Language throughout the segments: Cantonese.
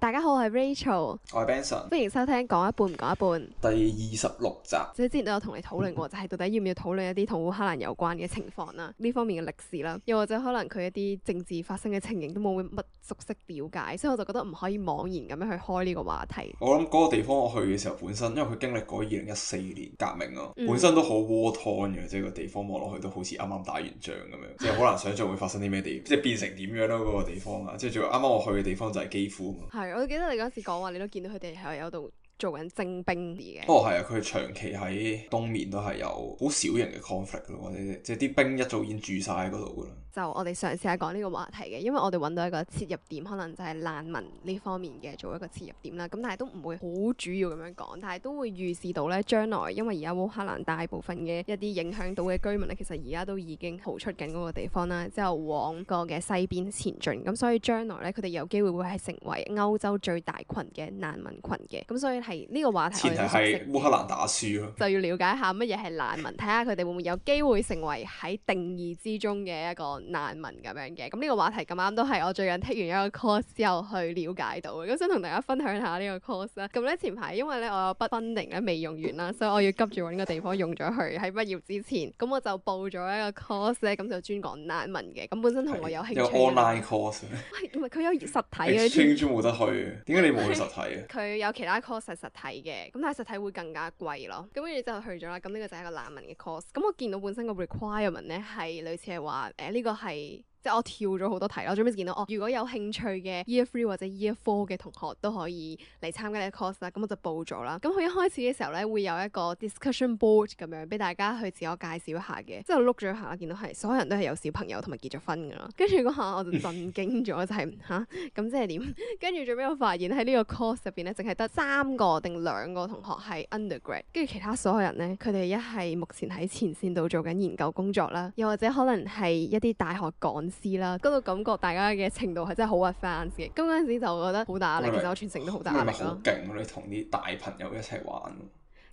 大家好，我係 Rachel，我係 Benson，歡迎收聽講一半唔講一半第二十六集。即係之前都有同你討論過，就係、是、到底要唔要討論一啲同烏克蘭有關嘅情況啦，呢 方面嘅歷史啦，又或者可能佢一啲政治發生嘅情形都冇乜熟悉了解，所以我就覺得唔可以妄言咁樣去開呢個話題。我諗嗰個地方我去嘅時候，本身因為佢經歷過二零一四年革命啊，嗯、本身都好窩嘅，即係個地方望落去都好似啱啱打完仗咁樣，即係好難想象會發生啲咩地，即係變成點樣咯嗰、那個地方啊。即係仲有啱啱我去嘅地方就係基輔 我都記得你嗰時講話，你都見到佢哋係有度做緊徵兵不嘅。哦，係啊，佢長期喺東面都係有好小型嘅 conflict，或者即啲兵一早已經住曬喺嗰度噶就我哋嘗試下講呢個話題嘅，因為我哋揾到一個切入點可能就係難民呢方面嘅做一個切入點啦。咁但係都唔會好主要咁樣講，但係都會預示到咧將來，因為而家烏克蘭大部分嘅一啲影響到嘅居民咧，其實而家都已經逃出緊嗰個地方啦，之後往個嘅西邊前進，咁所以將來咧，佢哋有機會會係成為歐洲最大群嘅難民群嘅。咁所以係呢個話題，前提係烏克蘭打輸，就要了解一下乜嘢係難民，睇下佢哋會唔會有機會成為喺定義之中嘅一個。難民咁樣嘅，咁呢個話題咁啱都係我最近剔完一個 course 之後去了解到嘅，咁想同大家分享下呢個 course 啦。咁咧前排因為咧我筆 funding 咧未用完啦，所以我要急住揾個地方用咗佢喺畢業之前，咁我就報咗一個 course 咧，咁就專講難民嘅。咁本身同我有興趣。有 online course 有冇。喂， 唔係佢有實體嘅。exchange 冇得去，點解你冇去實體？okay, 佢有其他 course 係實體嘅，咁但係實體會更加貴咯。咁跟住之後就去咗啦，咁呢個就係一個難民嘅 course。咁我見到本身個 requirement 咧係類似係話誒呢、呃這個。都係。即係我跳咗好多題啦，最尾見到哦，如果有興趣嘅 Year 3或者 Year 4嘅同學都可以嚟參加呢個 course 啦，咁我就報咗啦。咁佢一開始嘅時候咧，會有一個 discussion board 咁樣俾大家去自我介紹一下嘅。即係碌咗一下，見到係所有人都係有小朋友同埋結咗婚㗎啦。跟住嗰下我就震驚咗，就係嚇咁即係點？跟住最尾我發現喺呢個 course 入邊咧，淨係得三個定兩個同學係 undergrad，跟住其他所有人咧，佢哋一係目前喺前線度做緊研究工作啦，又或者可能係一啲大學講啦，嗰度感覺大家嘅程度係真係好 advanced 嘅，咁嗰陣時就覺得好大壓力，其實我全程都好大壓力咯。勁，你同啲大朋友一齊玩，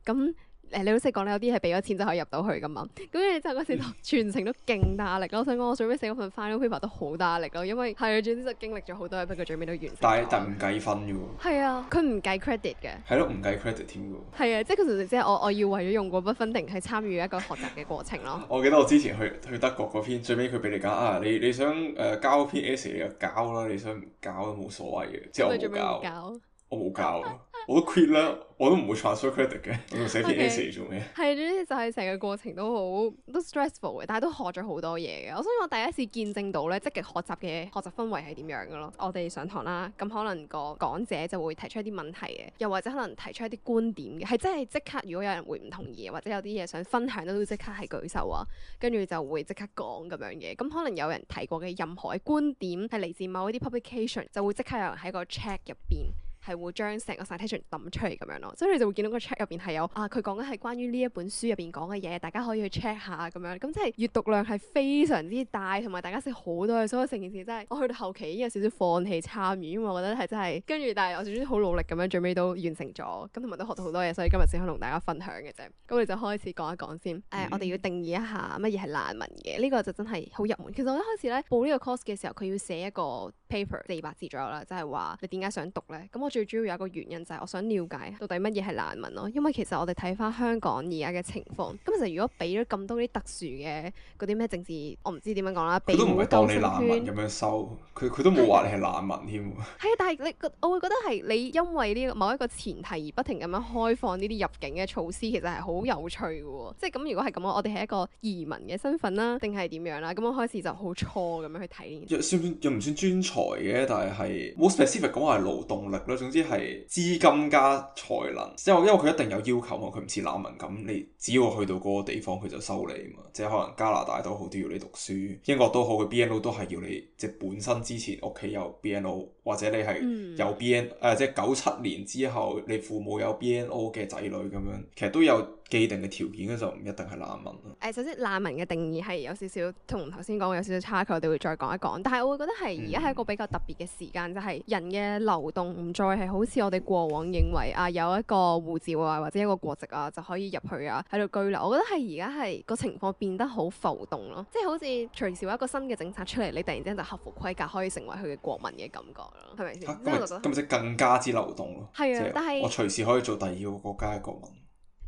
咁。誒，你老實講你有啲係俾咗錢就可以入到去噶嘛。咁跟住就嗰時全程都勁大壓力咯。我、嗯、想講，我最尾寫嗰份 final paper 都好大壓力咯，因為係總之就經歷咗好多嘢，不過最尾都完。但係但唔計分嘅喎。係啊，佢唔計 credit 嘅。係咯、啊，唔計 credit 添嘅。係啊，即係佢純粹即係我，我要為咗用過不，分定去參與一個學習嘅過程咯。 我記得我之前去去德國嗰篇，最尾佢俾你搞啊，你你想誒交篇 essay 就交啦，你想搞都冇所謂嘅，之後我冇搞，我冇搞。我都 quit 啦，我都唔會 transfer credit 嘅。你仲寫啲 essay 做咩？係、okay.，總之就係、是、成個過程都好都 stressful 嘅，但係都學咗好多嘢嘅。所以我第一次見證到咧積極學習嘅學習氛圍係點樣嘅咯。我哋上堂啦，咁可能個講者就會提出一啲問題嘅，又或者可能提出一啲觀點嘅，係真係即刻如果有人會唔同意，或者有啲嘢想分享都即刻係舉手啊，跟住就會即刻講咁樣嘅。咁可能有人提過嘅任何嘅觀點係嚟自某一啲 publication，就會即刻有人喺個 check 入邊。係會將成個 citation 抌出嚟咁樣咯，所以你就會見到個 check 入邊係有啊，佢講緊係關於呢一本書入邊講嘅嘢，大家可以去 check 下咁樣，咁即係閱讀量係非常之大，同埋大家識好多嘢，所以成件事真係，我去到後期已經有少少放棄參與，因為我覺得係真係，跟住但係我總之好努力咁樣，最尾都完成咗，咁同埋都學到好多嘢，所以今日先可以同大家分享嘅啫，咁我哋就開始講一講先。誒、嗯呃，我哋要定義一下乜嘢係難民嘅，呢、呢個就真係好入門。其實我一開始咧報呢個 course 嘅時候，佢要寫一個。paper 四百字左右啦，就係話你點解想讀咧？咁我最主要有一個原因就係我想了解到底乜嘢係難民咯。因為其實我哋睇翻香港而家嘅情況，咁其實如果俾咗咁多啲特殊嘅嗰啲咩政治，我唔知點樣講啦。佢唔係當你難民咁樣收，佢佢都冇話你係難民添。係啊， 但係你我會覺得係你因為呢個某一個前提而不停咁樣開放呢啲入境嘅措施，其實係好有趣嘅喎。即係咁，如果係咁，我哋係一個移民嘅身份啦，定係點樣啦？咁我開始就好錯咁樣去睇。又算唔算？又才嘅，但係，係 more specific 講話係勞動力咯。總之係資金加才能，即係因為佢一定要有要求嘛，佢唔似難民咁，你只要去到嗰個地方，佢就收你嘛。即係可能加拿大都好都要你讀書，英國都好，佢 BNO 都係要你，即本身之前屋企有 BNO，或者你係有 BNO，誒、嗯呃、即係九七年之後你父母有 BNO 嘅仔女咁樣，其實都有。既定嘅條件咧，就唔一定係難民咯。誒，首先難民嘅定義係有少少同頭先講有少少差距，我哋會再講一講。但係我會覺得係而家係一個比較特別嘅時間，嗯、就係人嘅流動唔再係好似我哋過往認為啊，有一個護照啊，或者一個國籍啊就可以入去啊，喺度居留。我覺得係而家係個情況變得好浮動咯，即係好似隨時有一個新嘅政策出嚟，你突然之間就合乎規格可以成為佢嘅國民嘅感覺咯，係咪先？咁、啊、即係更加之流動咯。係啊，但係是 我隨時可以做第二個國家嘅國民。 嗯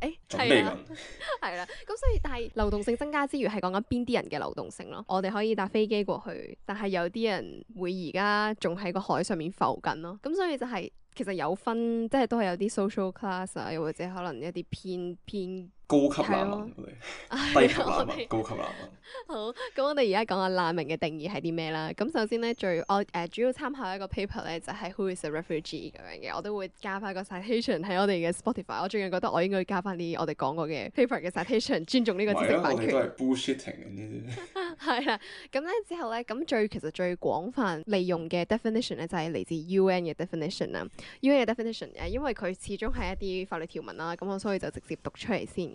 誒，係啦、欸，係啦，咁、啊啊嗯、所以但係流動性增加之餘係講緊邊啲人嘅流動性咯，我哋可以搭飛機過去，但係有啲人會而家仲喺個海上面浮緊咯，咁、嗯、所以就係、是、其實有分，即係都係有啲 social class 啊，又或者可能一啲偏偏，偏高級難民，低級難民，高級難民。 好，咁我哋而家講下難民嘅定義係啲咩啦？咁首先咧，最我誒、呃、主要參考一個 paper 咧，就係、是、Who is a refugee 咁樣嘅。我都會加翻個 citation 喺我哋嘅 Spotify。我最近覺得我應該加翻啲我哋講過嘅 paper 嘅 citation， 尊重呢個知識版權。係啦、啊，我哋都係 bullshitting 呢咁咧、 啊、之後咧，咁最其實最廣泛利用嘅 definition 咧，就係、是、嚟自 UN 嘅 definition 啦。UN 嘅 definition 誒，因為佢始終係一啲法律條文啦，咁我所以就直接讀出嚟先。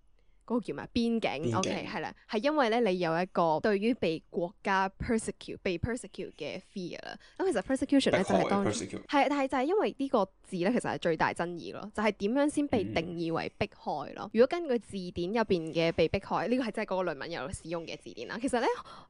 嗰個叫咩啊？邊境，邊境，OK，係啦，係因為咧，你有一個對於被國家 persecute per、被 persecute 嘅 fear 啦。咁其實 persecution 咧就係、是、當係，但係就係因為呢個字咧，其實係最大爭議咯。就係、是、點樣先被定義為迫害咯？如果根據字典入邊嘅被迫害，呢個係真係個論文有使用嘅字典啦。其實咧，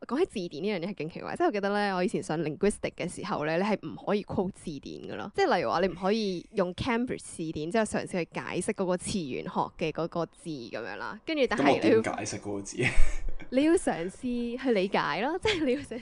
講起字典呢樣嘢係勁奇怪，即係我記得咧，我以前上 linguistic 嘅時候咧，你係唔可以 quote 字典噶咯。即係例如話你唔可以用 Cambridge 字典之後嘗試去解釋嗰個詞源學嘅嗰個字咁樣啦。跟住，但係你要解釋個字。 你要嘗試去理解咯，即 係你要嘗試。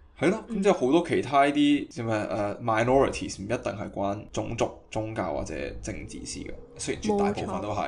係咯，咁即係好多其他啲叫咩？誒 minorities 唔一定係關種族、宗教或者政治事嘅，雖然絕大部分都係。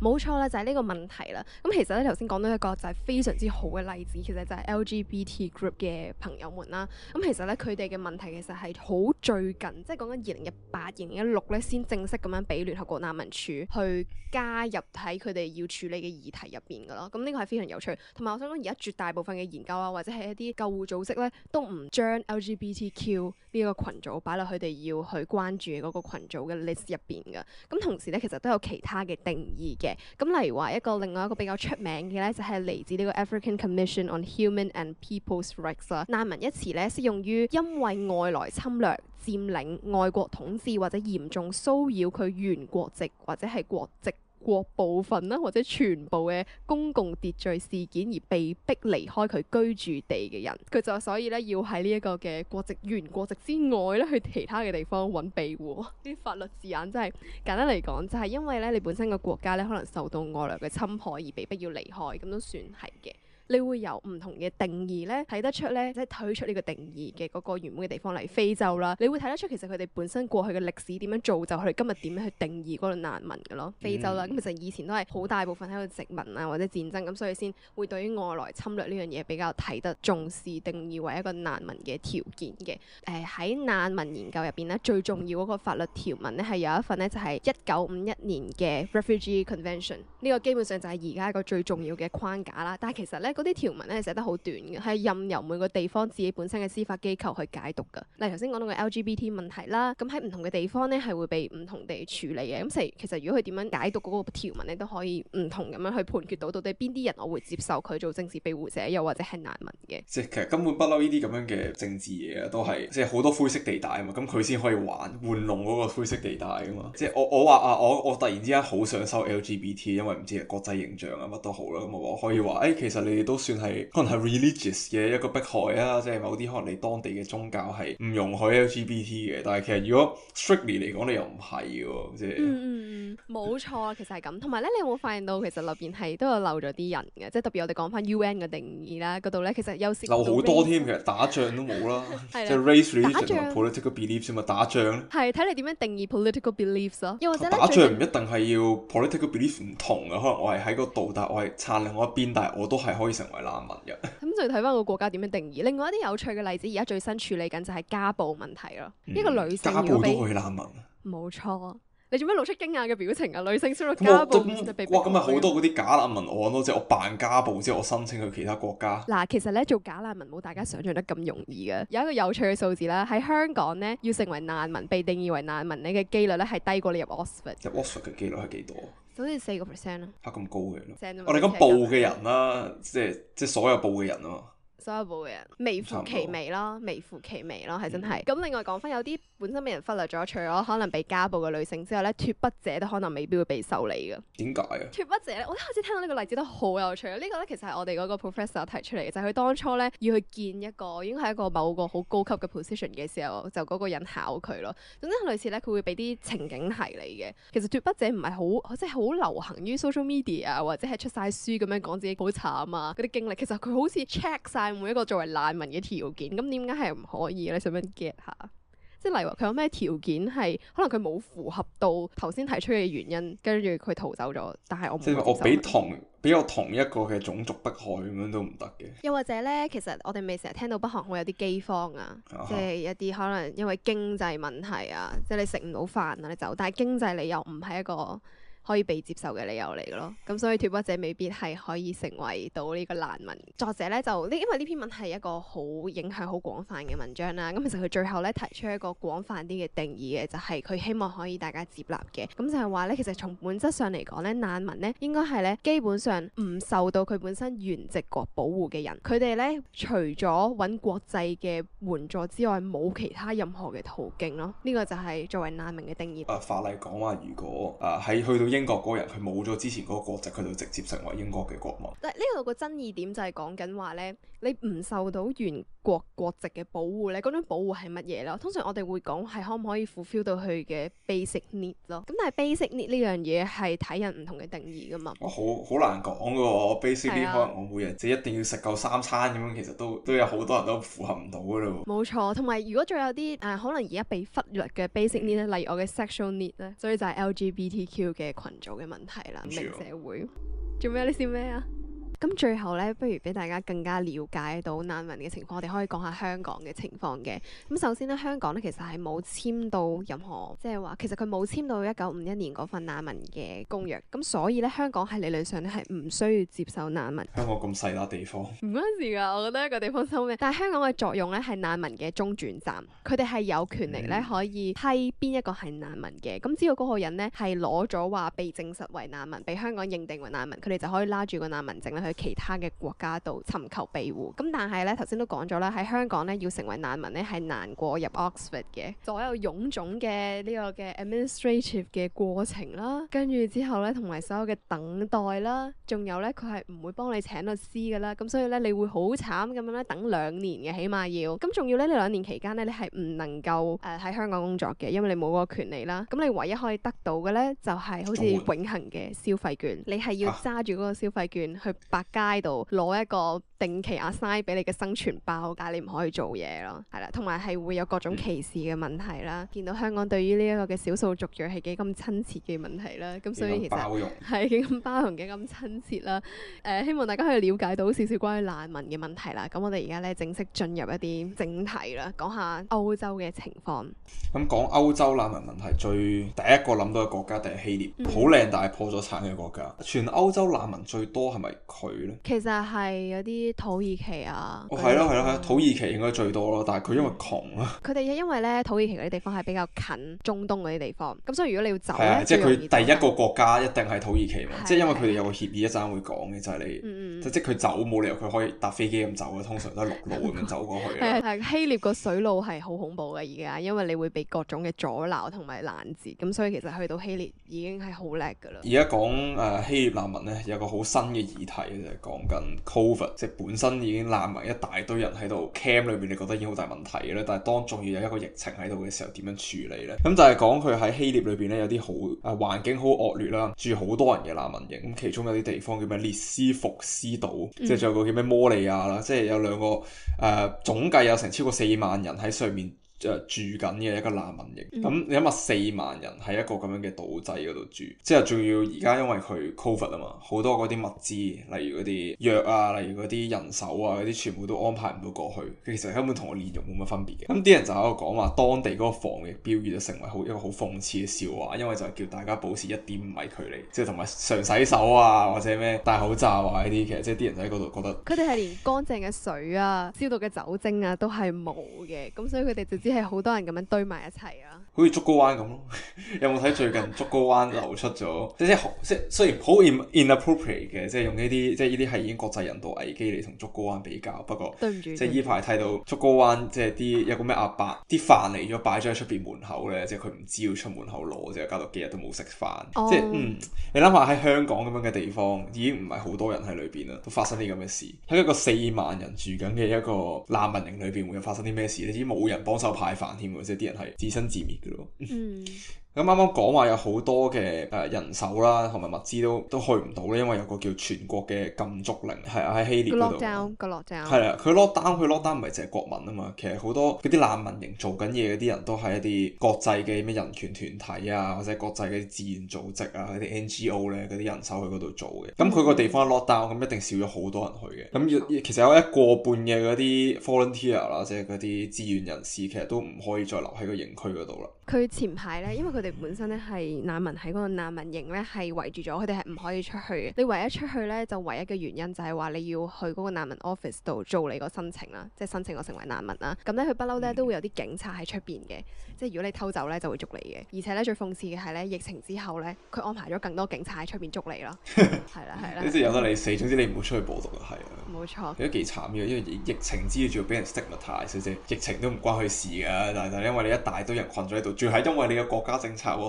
冇錯啦，就係、是、呢個問題啦。咁其實咧，頭先講到一個就係非常之好嘅例子，其實就係 LGBT group 嘅朋友們啦。咁其實咧，佢哋嘅問題其實係好最近，即係講緊二零一八、二零一六咧，先正式咁樣俾聯合國難民署去加入喺佢哋要處理嘅議題入邊噶咯。咁呢個係非常有趣。同埋我想講，而家絕大部分嘅研究啊，或者係一啲救護組織咧，都唔將 LGBTQ 呢個群組擺落佢哋要去關注嘅嗰個群組嘅 list 入邊噶。咁、嗯、同時咧，其實都有其他嘅定義。嘅咁，例如話一個另外一個比較出名嘅咧，就係嚟自呢個 African Commission on Human and People's Rights 啦。難民一詞咧，適用於因為外來侵略、佔領、外國統治或者嚴重騷擾佢原國籍或者係國籍國部分啦，或者全部嘅公共秩序事件而被逼離開佢居住地嘅人，佢就所以咧要喺呢一個嘅國籍、原國籍之外咧去其他嘅地方揾庇護。啲 法律字眼真係簡單嚟講，就係因為咧你本身個國家咧可能受到外來嘅侵害而被逼要離開，咁都算係嘅。你會有唔同嘅定義咧，睇得出咧，即係推出呢個定義嘅嗰個原本嘅地方嚟非洲啦。你會睇得出其實佢哋本身過去嘅歷史點樣做就佢哋今日點樣去定義嗰個難民嘅咯。嗯、非洲啦，咁其實以前都係好大部分喺度殖民啊或者戰爭，咁所以先會對於外來侵略呢樣嘢比較睇得重視，定義為一個難民嘅條件嘅。誒、呃、喺難民研究入邊咧，最重要嗰個法律條文咧係有一份咧就係一九五一年嘅 Refugee Convention。呢、這個基本上就係而家一個最重要嘅框架啦。但係其實咧。嗰啲條文咧寫得好短嘅，係任由每個地方自己本身嘅司法機構去解讀嘅。嗱，頭先講到嘅 LGBT 問題啦，咁喺唔同嘅地方咧係會被唔同地處理嘅。咁所以其實如果佢點樣解讀嗰個條文咧，都可以唔同咁樣去判決到到底邊啲人我會接受佢做政治庇護者，又或者係難民嘅。即係其實根本不嬲呢啲咁樣嘅政治嘢啊，都係即係好多灰色地帶啊嘛。咁佢先可以玩玩弄嗰個灰色地帶啊嘛。即係我我話啊，我我，我突然之間好想收 LGBT，因為唔知係國際形象啊乜都好啦。咁我可以話，誒、哎、其實你都算係可能係 religious 嘅一個迫害啊，即係某啲可能你當地嘅宗教係唔容許 LGBT 嘅，但係其實如果 strictly 嚟講，你又唔係喎，即係嗯嗯嗯，冇、嗯、錯，其實係咁。同埋咧，你有冇發現到其實入邊係都有漏咗啲人嘅，即係特別我哋講翻 UN 嘅定義啦，嗰度咧其實有時漏好多添。Race, 其實打仗都冇啦，即係 race religion 同埋打仗 political beliefs 咪打仗咧？係睇你點樣定義 political beliefs 咯。打仗唔一定係要 political beliefs 唔同嘅，可能我係喺個道德我係撐另外一邊，但係我都係可以。成為難民嘅，咁就睇翻個國家點樣定義。另外一啲有趣嘅例子，而家最新處理緊就係家暴問題咯。嗯、一個女性家暴都可以難民，冇錯。你做咩露出驚訝嘅表情啊？女性遭到家暴就被被，哇！咁咪好多嗰啲假難民案咯，即係我扮家暴之後，我申請去其他國家。嗱，其實咧做假難民冇大家想象得咁容易嘅。有一個有趣嘅數字啦，喺香港咧要成為難民，被定義為難民你嘅機率咧係低過你入 Oxford。入 Oxford 嘅機率係幾多？好似四個 percent 啊，嚇咁高嘅。我哋講報嘅人啦，即係即係所有報嘅人啊嘛。所有部嘅人，微乎其微咯，微乎其微咯，係真係。咁、嗯、另外講翻，有啲本身俾人忽略咗，除咗可能被家暴嘅女性之外咧，脫北者都可能未必會被受理嘅。點解啊？脫北者咧，我一開始聽到呢個例子都好有趣啊！這個、呢個咧其實係我哋嗰個 professor 提出嚟嘅，就係、是、佢當初咧要去見一個已經係一個某個好高級嘅 position 嘅時候，就嗰個人考佢咯。總之類似咧，佢會俾啲情景題你嘅。其實脫北者唔係好即係好流行於 social media 啊，或者係出晒書咁樣講自己好慘啊嗰啲經歷，其實佢好似 check 晒。每一個作為難民嘅條件，咁點解係唔可以咧？你想唔想 get 下？即係例如佢有咩條件係可能佢冇符合到頭先提出嘅原因，跟住佢逃走咗，但係我即係我俾同俾我同一個嘅種族迫害，咁樣都唔得嘅。又或者咧，其實我哋未成日聽到北韓會有啲饑荒啊，uh huh. 即係一啲可能因為經濟問題啊，即係你食唔到飯啊，你走。但係經濟你又唔係一個。可以被接受嘅理由嚟嘅咯，咁所以脫北 者未必係可以成為到呢個難民作者咧，就呢因為呢篇文係一個好影響好廣泛嘅文章啦。咁其實，佢最後咧提出一個廣泛啲嘅定義嘅，就係、是、佢希望可以大家接納嘅。咁就係話咧，其實從本質上嚟講咧，難民咧應該係咧基本上唔受到佢本身原籍國保護嘅人。佢哋咧除咗揾國際嘅援助，之外，冇其他任何嘅途徑咯。呢、這個就係作為難民嘅定義。啊法例講話，如果啊喺去到。英國嗰人佢冇咗之前嗰個國籍，佢就直接成為英國嘅國民。但係呢度個爭議點就係講緊話咧，你唔受到原國國籍嘅保護咧，嗰種保護係乜嘢咯？通常我哋會講係可唔可以 fulfill 到佢嘅 basic need 咯？咁但係 basic need 呢樣嘢係睇人唔同嘅定義噶嘛。我好好難講噶喎，basic need 可能我每日即一定要食夠三餐咁樣，其實都都有好多人都符合唔到噶咯。冇錯，同埋如果仲有啲誒、呃、可能而家被忽略嘅 basic need 呢，例如我嘅 sexual need 咧，所以就係 LGBTQ 嘅。群組嘅問題啦，明社會做咩？你笑咩啊？咁最後咧，不如俾大家更加了解到難民嘅情況，我哋可以講下香港嘅情況嘅。咁首先咧，香港咧其實係冇簽到任何，即係話其實佢冇簽到一九五一年嗰份難民嘅公約。咁所以咧，香港喺理論上咧係唔需要接受難民。香港咁細粒地方？唔關事㗎，我覺得一個地方收尾。但係香港嘅作用咧係難民嘅中轉站，佢哋係有權力咧可以批邊一個係難民嘅。咁只要嗰個人咧係攞咗話被證實為難民，被香港認定為難民，佢哋就可以拉住個難民證咧去其他嘅國家度尋求庇護，咁但係咧，頭先都講咗啦，喺香港咧要成為難民咧係難過入 Oxford 嘅，左右所有臃腫嘅呢個嘅 administrative 嘅過程啦，跟住之後咧同埋所有嘅等待啦，仲有咧佢係唔會幫你請律師噶啦，咁所以咧你會好慘咁樣咧等兩年嘅，起碼要，咁仲要咧呢兩年期間咧你係唔能夠誒喺香港工作嘅，因為你冇個權利啦，咁你唯一可以得到嘅咧就係好似永恆嘅消費券，你係要揸住嗰個消費券去辦街度攞一個定期 assign 俾你嘅生存包，但係你唔可以做嘢咯，係啦，同埋係會有各種歧視嘅問題啦，見到香港對於呢一個嘅少數族裔係幾咁親切嘅問題啦，咁所以其實係幾咁包容、幾咁親切啦。誒、呃，希望大家可以了解到少少關於難民嘅問題啦。咁我哋而家咧正式進入一啲正題啦，講下歐洲嘅情況。咁講歐洲難民問題，最第一個諗到嘅國家定係希臘，好靚、嗯、但係破咗產嘅國家。全歐洲難民最多係咪佢？其實係有啲土耳其啊，係咯係咯係，土耳其應該最多咯。但係佢因為窮啊，佢哋因為咧土耳其嗰啲地方係比較近中東嗰啲地方，咁所以如果你要走 即係佢第一個國家一定係土耳其嘛。的即係因為佢哋有個協議一會會，一陣間會講嘅就係、是、你，嗯嗯即係即佢走冇理由佢可以搭飛機咁走嘅，通常都係陸路咁走過去嘅。係 希臘個水路係好恐怖嘅，而家因為你會被各種嘅阻撓同埋攔截，咁所以其實去到希臘已經係好叻㗎啦。而家講誒希臘難民咧，有個好新嘅議題。就係講緊 Covid，即係本身已經難民一大堆人喺度 cam 裏邊，面你覺得已經好大問題嘅咧。但係當仲要有一個疫情喺度嘅時候，點樣處理呢？咁就係講佢喺希臘裏邊咧，有啲好啊環境好惡劣啦，住好多人嘅難民營。咁其中有啲地方叫咩列斯福斯島，即係仲有個叫咩摩利亞啦。嗯、即係有兩個誒、呃，總計有成超過四萬人喺上面。就住緊嘅一個難民營，咁、嗯、你諗下四萬人喺一個咁樣嘅島仔嗰度住，之後仲要而家因為佢 COVID 啊嘛，好多嗰啲物資，例如嗰啲藥啊，例如嗰啲人手啊，嗰啲全部都安排唔到過去。其實根本同我連用冇乜分別嘅。咁啲人就喺度講話，當地嗰個防疫標語就成為好一個好諷刺嘅笑話，因為就係叫大家保持一點五米距離，即係同埋常洗手啊，或者咩戴口罩啊呢啲。其實即係啲人喺嗰度覺得，佢哋係連乾淨嘅水啊、消 毒嘅酒精啊都係冇嘅，咁所以佢哋就即係好多人咁樣堆埋一齊啊！好似竹篙灣咁咯，有冇睇最近竹篙灣流出咗？ 即係好，即係雖然好 inappropriate 嘅，即係用呢啲，即係呢啲係已經國際人道危機嚟同竹篙灣比較。不過對唔住，即係呢排睇到竹篙灣，即係啲有個咩阿伯啲飯嚟咗擺咗喺出邊門口咧，即係佢唔知要出門口攞，即係搞到幾日都冇食飯。Oh. 即係嗯，你諗下喺香港咁樣嘅地方，已經唔係好多人喺裏邊啦，都發生啲咁嘅事。喺一個四萬人住緊嘅一個難民營裏邊，會有發生啲咩事？你知冇人幫手。太煩添喎，即係啲人係自生自滅㗎咯。咁啱啱講話有好多嘅誒人手啦，同埋物資都都去唔到咧，因為有個叫全國嘅禁足令，係啊喺希臘度。lockdown 個 lockdown 係啊，佢 lockdown 佢 lockdown 唔係淨係國民啊嘛，其實好多嗰啲難民營做緊嘢嗰啲人都係一啲國際嘅咩人權團體啊，或者國際嘅志願組織啊，嗰啲 NGO 咧嗰啲人手去嗰度做嘅。咁佢個地方 lockdown，咁一定少咗好多人去嘅。咁其實有一過半嘅嗰啲 volunteer 啦，即係嗰啲志願人士，其實都唔可以再留喺個營區嗰度啦。佢前排咧，因為佢。佢哋本身咧係難民喺嗰個難民營咧係圍住咗，佢哋係唔可以出去嘅。你唯一出去咧，就唯一嘅原因就係話你要去嗰個難民 office 度做你個申請啦，即係申請我成為難民啦。咁咧佢不嬲咧都會有啲警察喺出邊嘅，即係如果你偷走咧就會捉你嘅。而且咧最諷刺嘅係咧疫情之後咧，佢安排咗更多警察喺出邊捉你咯。係啦係啦。 你知由得你死，總之你唔好出去報到啊係啊。冇錯。幾慘嘅，因為疫情之後仲要俾人識物太，小姐疫情都唔關佢事㗎。但係但係因為你一大堆人困咗喺度，仲係因為你嘅國家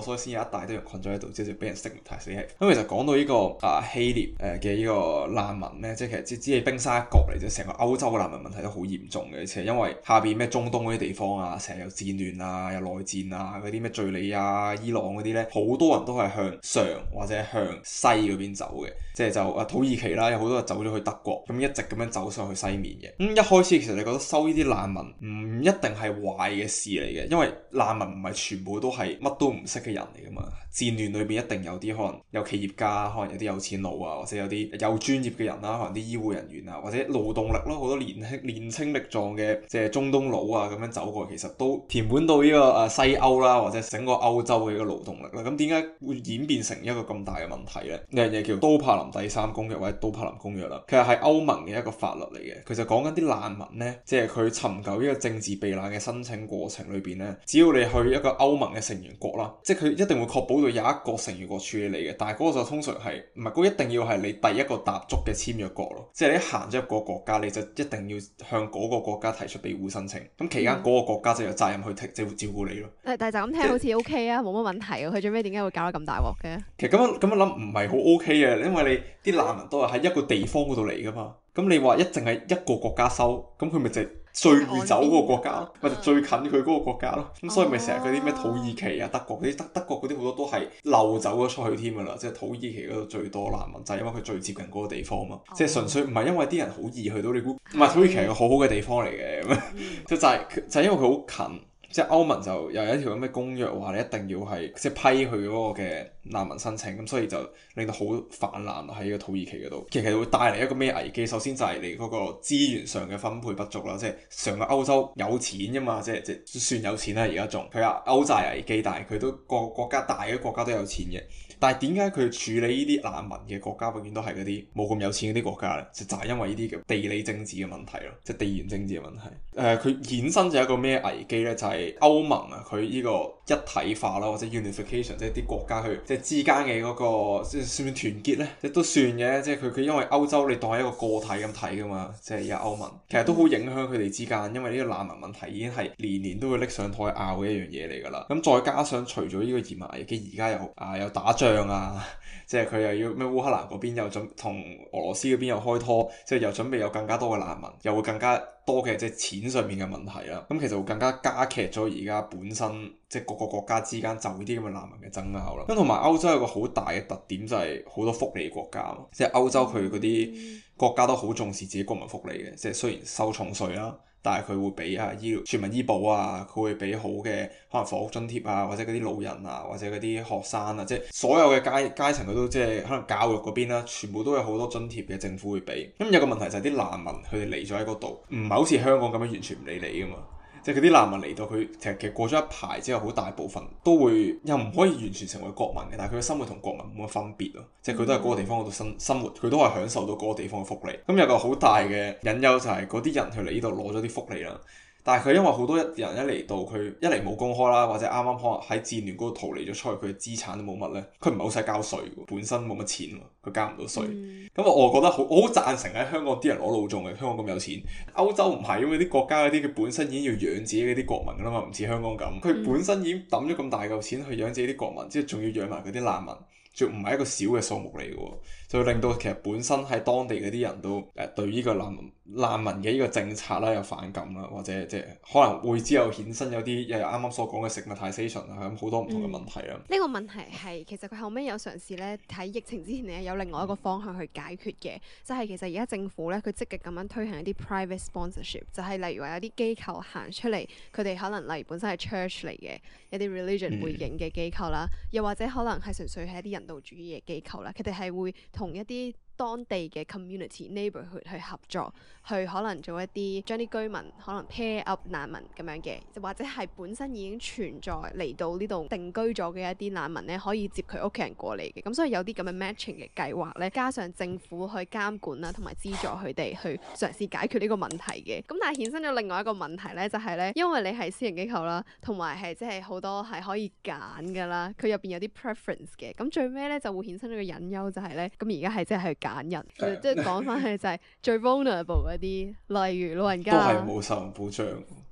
所以先有一大堆人困咗喺度，之後就俾人積太死氣。咁其實講到呢個啊希臘誒嘅呢個難民咧，即係其實只只係冰山一角嚟啫。成個歐洲嘅難民問題都好嚴重嘅，而且因為下邊咩中東嗰啲地方啊，成日有戰亂啊，有內戰啊，嗰啲咩敘利亞、啊、伊朗嗰啲咧，好多人都係向上或者向西嗰邊走嘅，即係就啊土耳其啦，有好多人走咗去德國，咁一直咁樣走上去西面嘅。咁一開始其實你覺得收呢啲難民唔一定係壞嘅事嚟嘅，因為難民唔係全部都係乜都唔識嘅人嚟噶嘛。戰亂裏邊一定有啲可能有企業家，可能有啲有錢佬啊，或者有啲有專業嘅人啦、啊，可能啲醫護人員啊，或者勞動力咯、啊，好多年輕年輕力壯嘅，即係中東佬啊咁樣走過，其實都填滿到呢個誒西歐啦，或者整個歐洲嘅一個勞動力啦。咁點解會演變成一個咁大嘅問題呢？呢樣嘢叫《都柏林第三公約》或者《都柏林公約》啦，其實係歐盟嘅一個法律嚟嘅。其實講緊啲難民呢，即係佢尋求呢個政治避難嘅申請過程裏邊呢，只要你去一個歐盟嘅成員國即係佢一定會確保到有一個成員國處理你嘅，但係嗰個就通常係唔係一定要係你第一個踏足嘅簽約國咯。即係你一行咗入個國家，你就一定要向嗰個國家提出庇護申請。咁期間嗰個國家就有責任去即係照顧你咯。嗯、但係就咁聽好似 OK 啊，冇乜問題㗎、啊。佢最尾點解會搞到咁大鑊嘅？其實咁樣咁樣諗唔係好 OK 啊，因為你啲難民都係喺一個地方嗰度嚟㗎嘛。咁你話一定係一個國家收，咁佢咪直？最易走嗰、嗯、是個國家咯，唔係最近佢嗰個國家咯，咁所以咪成日嗰啲咩土耳其啊、德國嗰啲德德國嗰啲好多都係漏走咗出去添㗎啦，即係土耳其嗰度最多難民，就係、係、因為佢最接近嗰個地方啊嘛，哦、即係純粹唔係因為啲人好易去到你估，唔係土耳其係個好好嘅地方嚟嘅，即係 就係、係、就係、因為佢好近。即係歐盟就又有一條咁嘅公約話你一定要係即係批佢嗰個嘅難民申請，咁所以就令到好泛濫喺個土耳其嗰度。其實會帶嚟一個咩危機？首先就係你嗰個資源上嘅分配不足啦，即係成個歐洲有錢㗎嘛，即係即算有錢啦，而家仲佢話歐債危機，但係佢都個國家大嘅國家都有錢嘅。但係點解佢處理呢啲難民嘅國家永遠都係嗰啲冇咁有錢嗰啲國家呢？就就是、係因為呢啲嘅地理政治嘅問題咯，即係地緣政治嘅問題。誒、就是，佢、呃、衍生咗一個咩危機呢？就係、是、歐盟啊，佢呢個一體化啦，或者 unification，即係啲國家去即係之間嘅嗰、那個算唔算團結呢？即都算嘅，即係佢佢因為歐洲你當係一個個體咁睇噶嘛，即係有歐盟，其實都好影響佢哋之間，因為呢個難民問題已經係年年都會拎上台拗嘅一樣嘢嚟㗎啦。咁再加上除咗呢個移民危機，而家又啊又打仗。啊，即係佢又要咩烏克蘭嗰邊又準同俄羅斯嗰邊又開拖，即係又準備有更加多嘅難民，又會更加多嘅即係錢上面嘅問題啦。咁其實會更加加劇咗而家本身即係各個國家之間就呢啲咁嘅難民嘅爭拗啦。咁同埋歐洲有個好大嘅特點就係好多福利國家，即係歐洲佢嗰啲國家都好重視自己國民福利嘅，即係雖然收重稅啦。但係佢會俾啊醫療全民醫保啊，佢會俾好嘅可能房屋津貼啊，或者嗰啲老人啊，或者嗰啲學生啊，即係所有嘅階階層佢都即係可能教育嗰邊啦，全部都有好多津貼嘅政府會俾。咁有個問題就係啲難民佢哋嚟咗喺嗰度，唔係好似香港咁樣完全唔理你㗎嘛。即係嗰啲難民嚟到，佢其實其實過咗一排之後，好大部分都會又唔可以完全成為國民嘅，但係佢嘅生活同國民冇乜分別咯。即係佢都係嗰個地方度生生活，佢都係享受到嗰個地方嘅福利。咁、嗯、有個好大嘅隱憂就係嗰啲人去嚟呢度攞咗啲福利啦。但係佢因為好多啲人一嚟到，佢一嚟冇工開啦，或者啱啱可能喺戰亂嗰度逃離咗出去，佢資產都冇乜咧，佢唔係好使交稅嘅，本身冇乜錢，佢交唔到稅。咁、嗯嗯、我覺得好，我好贊成喺香港啲人攞老眾嘅。香港咁有錢，歐洲唔係，因為啲國家嗰啲佢本身已經要養自己嗰啲國民㗎啦嘛，唔似香港咁，佢本身已經揼咗咁大嚿錢去養自己啲國民，之後仲要養埋佢啲難民。就唔係一個小嘅數目嚟嘅，就令到其實本身喺當地啲人都誒、呃、對呢個難民難民嘅呢個政策啦有反感啦，或者即係可能會之後衍生有啲又啱啱所講嘅食物太 station 啊，咁好多唔同嘅問題啦。呢、嗯，這個問題係其實佢後尾有嘗試咧，喺疫情之前咧有另外一個方向去解決嘅，就係、是、其實而家政府咧佢積極咁樣推行一啲 private sponsorship，就係例如話有啲機構行出嚟，佢哋可能例如本身係 church 嚟嘅一啲 religion 背景嘅機構啦，嗯、又或者可能係純粹係一啲人。人道主義嘅機構啦，佢哋係會同一啲，當地嘅 community、neighborhood 去合作，去可能做一啲將啲居民可能 pair up 難民咁樣嘅，就或者係本身已經存在嚟到呢度定居咗嘅一啲難民咧，可以接佢屋企人過嚟嘅。咁所以有啲咁嘅 matching 嘅計劃咧，加上政府去監管啦，同埋資助佢哋去嘗試解決呢個問題嘅。咁但係衍生咗另外一個問題咧，就係咧，因為你係私人機構啦，同埋係即係好多係可以揀㗎啦，佢入邊有啲 preference 嘅。咁最尾咧就會衍生咗個隱憂就係咧，咁而家係即係揀。殘人，即係講翻去就係最 vulnerable 嗰啲， 例如老人家都係冇受保障，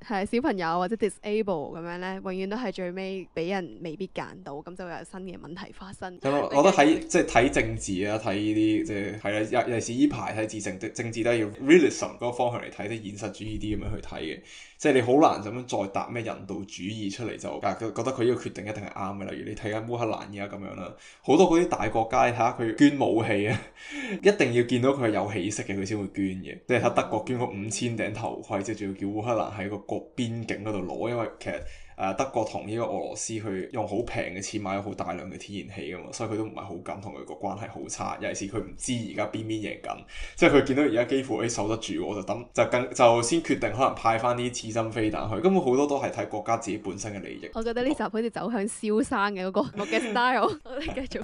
係小朋友或者 disable 咁樣咧，永遠都係最尾俾人未必揀到，咁就會有新嘅問題發生。吧我覺得睇即係睇政治啊，睇呢啲即係係啦，尤其是依排睇政治政治都係要 realism 嗰個方向嚟睇，即係現實主義啲咁樣去睇嘅。即係你好難咁樣再搭咩人道主義出嚟就，但覺得佢呢個決定一定係啱嘅。例如你睇緊烏克蘭而家咁樣啦，好多嗰啲大國家你睇下佢捐武器啊， 一定要見到佢係有起色嘅佢先會捐嘅。你睇下德國捐個五千頂頭盔，即係仲要叫烏克蘭喺個個邊境嗰度攞，因為其實誒德國同呢個俄羅斯去用好平嘅錢買咗好大量嘅天然氣噶嘛，所以佢都唔係好敢同佢個關係好差，尤其是佢唔知而家邊邊贏緊，即係佢見到而家幾乎誒守得住，我就等就更就先決定可能派翻啲刺針飛彈去，根本好多都係睇國家自己本身嘅利益。我覺得呢集好似走向蕭山嘅嗰、嗰個、我嘅 style。我哋繼續，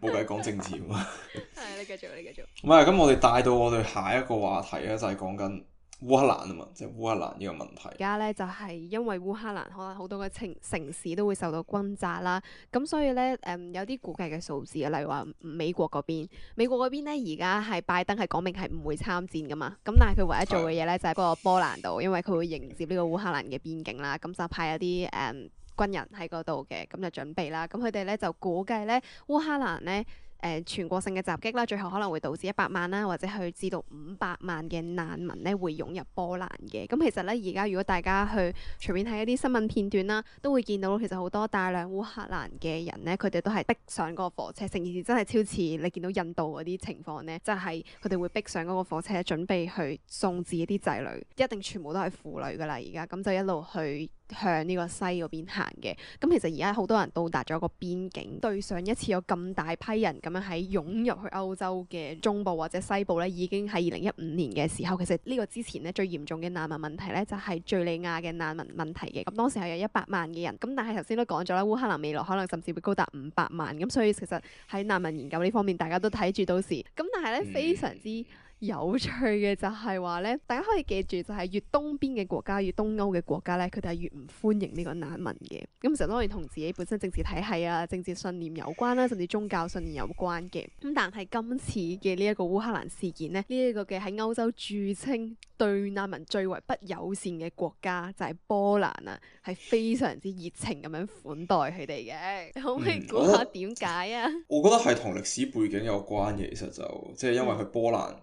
冇計講政治啊嘛。 係， 你繼續，你繼續。唔係， 咁我哋帶到我哋下一個話題咧，就係講緊。烏克蘭嘅問題，即、就、係、是、烏克蘭呢個問題。而家咧就係、是、因為烏克蘭，可能好多嘅城城市都會受到轟炸啦，咁所以咧誒、嗯、有啲估計嘅數字啊，例如話美國嗰邊，美國嗰邊咧而家係拜登係講明係唔會參戰噶嘛，咁但係佢唯一做嘅嘢咧就係、是、個波蘭度，因為佢會迎接呢個烏克蘭嘅邊境啦，咁、嗯、就派一啲誒、嗯、軍人喺嗰度嘅，咁就準備啦，咁佢哋咧就估計咧烏克蘭咧。誒全國性嘅襲擊啦，最後可能會導致一百萬啦，或者去至到五百萬嘅難民咧，會湧入波蘭嘅。咁其實咧，而家如果大家去隨便睇一啲新聞片段啦，都會見到其實好多大量烏克蘭嘅人咧，佢哋都係逼上嗰個火車，成件事真係超似你見到印度嗰啲情況咧，就係佢哋會逼上嗰個火車，準備去送自己啲仔女，一定全部都係婦女㗎喇，而家咁就一路去。向呢個西嗰邊行嘅，咁其實而家好多人到達咗個邊境，對上一次有咁大批人咁樣喺湧入去歐洲嘅中部或者西部咧，已經喺二零一五年嘅時候，其實呢個之前咧最嚴重嘅難民問題咧就係敍利亞嘅難民問題嘅，咁當時係有一百萬嘅人，咁但係頭先都講咗啦，烏克蘭未來可能甚至會高達五百萬，咁所以其實喺難民研究呢方面，大家都睇住到時，咁但係咧非常之，嗯有趣嘅就係話咧，大家可以記住，就係越東邊嘅國家，越東歐嘅國家咧，佢哋係越唔歡迎呢個難民嘅。咁其實當然同自己本身政治體系啊、政治信念有關啦，甚至宗教信念有關嘅。咁但係今次嘅呢一個烏克蘭事件咧，呢、這、一個嘅喺歐洲著稱對難民最為不友善嘅國家就係、是、波蘭啊，係非常之熱情咁樣款待佢哋嘅。可唔可以估下點解啊？我覺得係同歷史背景有關嘅，其實就即係因為佢波蘭。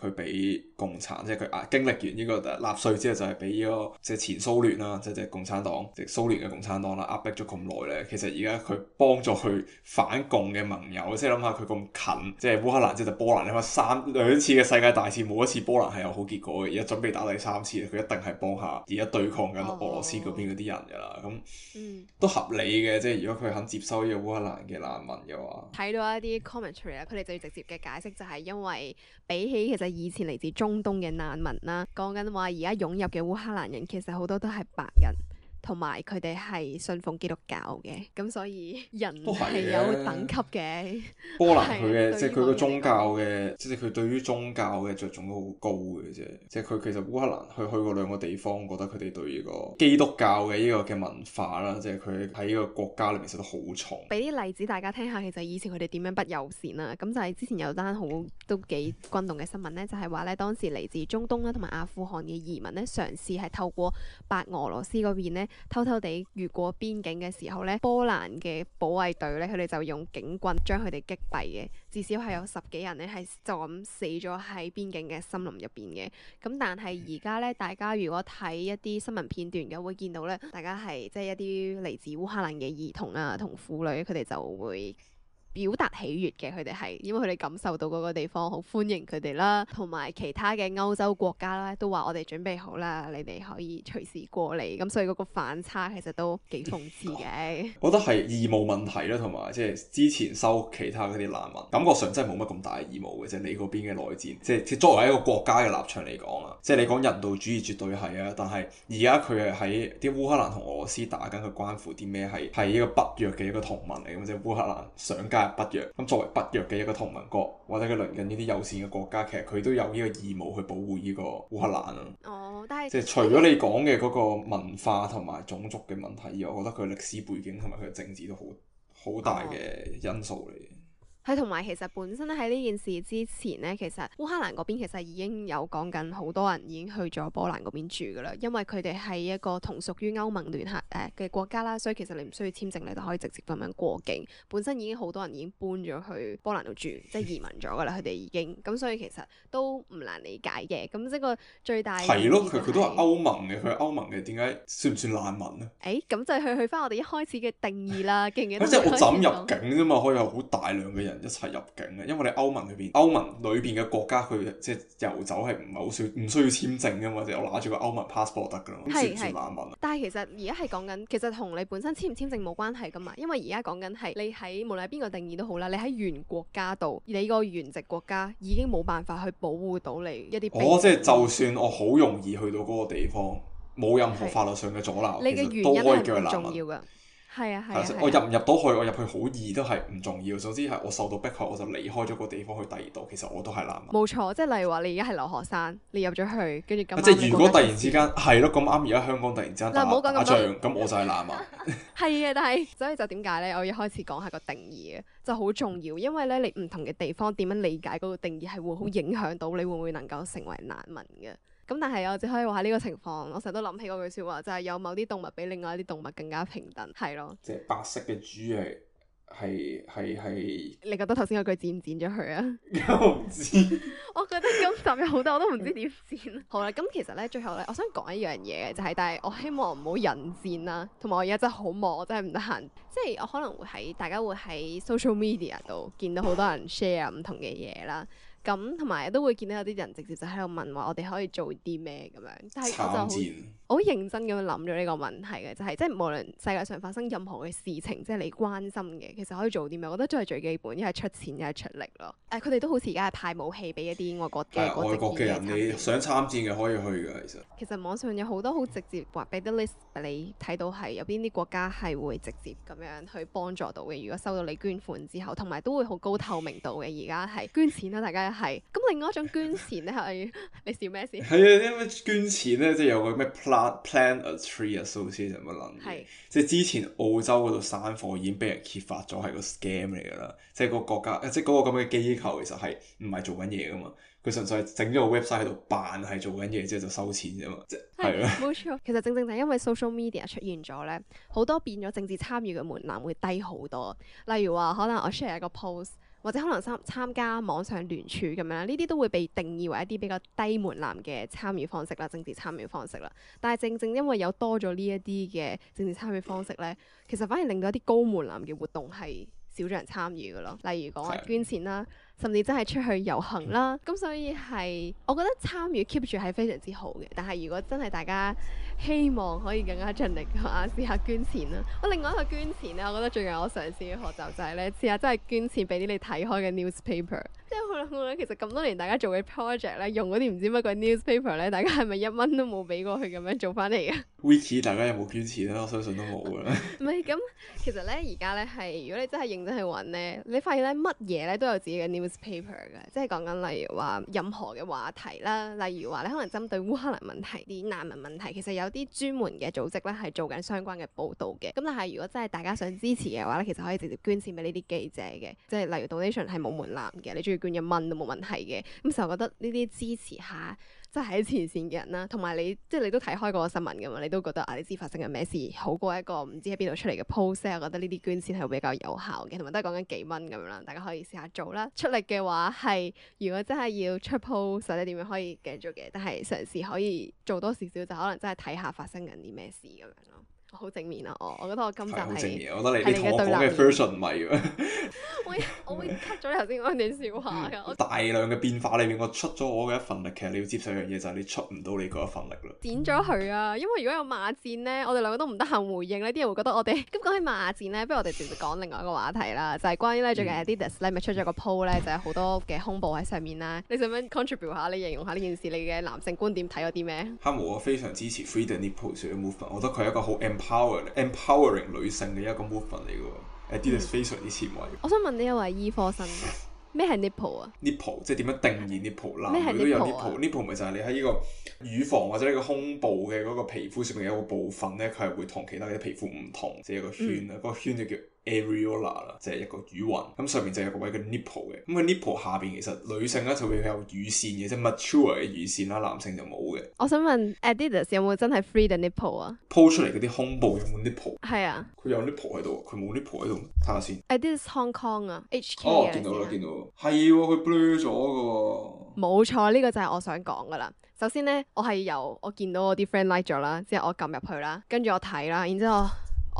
佢俾共產，即係佢啊經歷完呢個納粹之後，就係俾呢個即係前蘇聯啦，即係共產黨，即係蘇聯嘅共產黨啦，壓迫咗咁耐咧。其實而家佢幫助去反共嘅盟友，即係諗下佢咁近，即係烏克蘭即係就波蘭，你話三兩次嘅世界大戰冇一次波蘭係有好結果嘅，而家準備打第三次，佢一定係幫下而家對抗緊俄羅斯嗰邊嗰啲人噶啦，咁都合理嘅。即係如果佢肯接收呢個烏克蘭嘅難民嘅話，睇到一啲 comment 出嚟咧，佢哋最直接嘅解釋就係因為比起其實。以前嚟自中東嘅難民啦，講緊話而家湧入嘅烏克蘭人，其實好多都係白人。同埋佢哋係信奉基督教嘅，咁所以人係有等級嘅。波蘭佢嘅，即係佢個宗教嘅，即係佢對於宗教嘅著重都好高嘅啫。即係佢其實烏克蘭去去過兩個地方，覺得佢哋對呢個基督教嘅呢個嘅文化啦，即係佢喺呢個國家裏面實得好重。俾啲例子大家聽下，其實以前佢哋點樣不友善啊？咁就係之前有單好都幾轟動嘅新聞咧，就係話咧當時嚟自中東啦同埋阿富汗嘅移民咧，嘗試係透過白俄羅斯嗰邊咧。偷偷地越過邊境嘅時候咧，波蘭嘅保衛隊咧，佢哋就用警棍將佢哋擊斃嘅，至少係有十幾人咧係就咁死咗喺邊境嘅森林入邊嘅。咁但係而家咧，大家如果睇一啲新聞片段嘅，會見到咧，大家係即係一啲嚟自烏克蘭嘅兒童啊，同婦女，佢哋就會。表達喜悦嘅佢哋係，因為佢哋感受到嗰個地方好歡迎佢哋啦，同埋其他嘅歐洲國家啦，都話我哋準備好啦，你哋可以隨時過嚟。咁所以嗰個反差其實都幾諷刺嘅。 我覺得係義務問題啦，同埋即係之前收其他嗰啲難民，感覺上真係冇乜咁大義務嘅，即係你嗰邊嘅內戰，即係作為一個國家嘅立場嚟講啊，即係你講人道主義絕對係啊，但係而家佢係喺啲烏克蘭同俄羅斯打緊，佢關乎啲咩係係一個北約嘅一個同盟嚟嘅嘛，即係烏克蘭想北約，咁作為北約嘅一個同盟國或者佢鄰近呢啲友善嘅國家，其實佢都有呢個義務去保護呢個烏克蘭啊。哦，即係除咗你講嘅嗰個文化同埋種族嘅問題以外，我覺得佢歷史背景同埋佢嘅政治都好好大嘅因素嚟。佢同埋其實本身咧喺呢件事之前咧，其實烏克蘭嗰邊其實已經有講緊好多人已經去咗波蘭嗰邊住噶啦，因為佢哋係一個同屬於歐盟聯合誒嘅國家啦，所以其實你唔需要簽證，你就可以直接咁樣過境。本身已經好多人已經搬咗去波蘭度住，即係移民咗噶啦，佢哋已經咁，所以其實都唔難理解嘅。咁即個最大問題係咯、就是，佢佢都係歐盟嘅，佢係歐盟嘅，點解算唔算難民咧？誒、欸，咁就去去翻我哋一開始嘅定義啦，記唔記得？ 即係我枕入境啫嘛，可以有好大量嘅人。一齊入境嘅，因為你歐盟裏邊，歐盟裏邊嘅國家佢即係遊走係唔係好少，唔需要簽證噶嘛？我拿住個歐盟 passport 得噶啦，咁算唔算難民？但係其實而家係講緊，其實同你本身簽唔簽證冇關係噶嘛，因為而家講緊係你喺無論係邊個定義都好啦，你喺原國家度，你個原籍國家已經冇辦法去保護到你一啲。哦，即係就算我好容易去到嗰個地方，冇任何法律上嘅阻攔，是其實 你嘅原因係唔重要噶。係啊係啊，我入唔入到去，我入去好易都係唔重要。總之係我受到逼害，我就離開咗個地方去第二度。其實我都係難民。冇錯，即係例如話你而家係留學生，你入咗去跟住咁。即係如果突然之間係咯，咁啱而家香港突然之間打阿仗，咁我就係難民。係啊， 但係所以就點解咧？我要開始講下個定義啊，就好重要，因為咧你唔同嘅地方點樣理解嗰個定義，係會好影響到你，你會唔會能夠成為難民嘅。咁但係我只可以話呢個情況，我成日都諗起嗰句說話，就係、是、有某啲動物比另外一啲動物更加平等，係咯。即係白色嘅豬係係係係。你覺得頭先嗰句剪唔剪咗佢啊？我唔知。 我覺得今集有好多我都唔知點剪。 好啦，咁其實咧最後咧，我想講一樣嘢嘅就係、是，但係我希望唔好引戰啦，同埋我而家真係好忙，我真係唔得閒。即、就、係、是、我可能會喺大家會喺 social media 度見到好多人 share 唔同嘅嘢啦。咁同埋都會見到有啲人直接就喺度問話，我哋可以做啲咩咁樣，但係我就我好戰認真咁樣諗咗呢個問題嘅，就係、是、即係無論世界上發生任何嘅事情，即、就、係、是、你關心嘅，其實可以做啲咩？我覺得都係最基本，一係出錢，一係出力咯。誒，佢哋都好似而家係派武器俾一啲、哎、呀外國嘅外國嘅人，你想參戰嘅可以去嘅，其實其實網上有好多好直接話俾啲 list，你睇到係有邊啲國家係會直接咁樣去幫助到嘅。如果收到你捐款之後同埋都會好高透明度嘅。而家係捐錢啦、啊，大家。 係，咁另外一種捐錢咧係， 你笑咩先？係啊，啲咩捐錢咧，即係有個咩 plant plant a tree 啊，social 乜乜乜，即係之前澳洲嗰度山火已經俾人揭發咗係個 scam 嚟噶啦，即係個國家，即係嗰個咁嘅機構其實係唔係做緊嘢噶嘛？佢純粹係整咗個 website 喺度扮係做緊嘢，之後就收錢啫嘛，即啊的，冇的錯。 其實正正就係因為 social media 出現咗咧，好多變咗政治參與嘅門檻會低好多。例如話，可能我 share 一個 post。或者可能參參加網上聯署咁樣，呢啲都會被定義為一啲比較低門檻嘅參與方式啦，政治參與方式啦。但係正正因為有多咗呢一啲嘅政治參與方式呢，其實反而令到一啲高門檻嘅活動係少咗人參與嘅咯。例如講捐錢啦，甚至真係出去遊行啦。咁所以係，我覺得參與 keep 住係非常之好嘅。但係如果真係大家，希望可以更加盡力啊！試下捐錢啦。我另外一個捐錢咧，我覺得最近我嘗試嘅學習就係咧，試下真係捐錢俾啲你睇開嘅 newspaper。即係我諗到其實咁多年大家做嘅 project 咧，用嗰啲唔知乜鬼 newspaper 咧，大家係咪一蚊都冇俾過佢咁樣做翻嚟噶？WeChat 大家有冇捐錢咧？我相信都冇嘅。唔係咁，其實咧而家咧係，如果你真係認真去揾咧，你發現咧乜嘢咧都有自己嘅 newspaper 嘅。即係講緊例如話任何嘅話題啦，例如話你可能針對烏克蘭問題、啲難民問題，其實有。啲專門嘅組織咧係做緊相關嘅報導嘅，咁但係如果真係大家想支持嘅話咧，其實可以直接捐錢俾呢啲記者嘅，即係例如 donation 係冇門檻嘅，你中意捐一蚊都冇問題嘅。咁所以我覺得呢啲支持下。即係喺前線嘅人啦，同埋你即係你都睇開嗰個新聞㗎嘛，你都覺得啊，你知發生緊咩事好過一個唔知喺邊度出嚟嘅 post，我覺得呢啲捐錢係會比較有效嘅，同埋都係講緊幾蚊咁樣啦，大家可以試下做啦。出力嘅話係，如果真係要出 post 或者點樣，可以繼續嘅，但係嘗試可以做多少少就可能真係睇下發生緊啲咩事咁樣咯。好正面啊！我我覺得我今集係，我覺得你你,你我講嘅 version 唔係喎。我會我會 cut 咗頭先嗰段笑話㗎。大量嘅變化裏面，我出咗我嘅一份力，其實你要接受一樣嘢，就係你出唔到你嗰一份力。剪咗佢啊！因為如果有罵戰咧，我哋兩個都唔得閒回應呢，啲人會覺得我哋。咁 講起罵戰咧，不如我哋直接講另外一個話題啦，就係、是、關於咧最近 Adidas 咧咪出咗個 po 咧，就係、是、好多嘅胸部喺上面啦。你想唔想 contribute 下？你,你形容下呢件事，你嘅男性觀點睇咗啲咩？哈！我非常支持 Free the Nipple 我覺得佢係一個好 m power Emp empowering 女性嘅一個 movement 嚟嘅，Adidas 非常之前衞。我想問呢一位醫科生，咩係 nipple 啊？nipple 即係點樣定義 nipple 啦、啊？男女都有 nipple，nipple 咪就係你喺呢個乳房或者呢個胸部嘅嗰個皮膚上面有一個部分咧，佢係會同其他嘅皮膚唔同，即係一個圈啦。嗰、嗯、個圈就叫 Areola 啦，即係一個乳暈，咁上面就有個位叫 nipple 嘅，咁個 nipple 下邊其實女性咧就會有乳腺嘅，即係 mature 嘅乳腺啦，男性就冇嘅。我想問 Adidas 有冇真係 free the nipple 啊？鋪出嚟嗰啲胸部有冇 nipple？係啊，佢有 nipple 喺度，佢冇 nipple 喺度，睇下先。Adidas Hong Kong 啊，HK 啊，哦，見到啦，見到，係啊，佢 blue 咗噶。冇錯，呢個就係我想講噶啦。首先咧，我係由我見到我啲 friend like 咗啦，即係我撳入去啦，跟住我睇啦，然之後。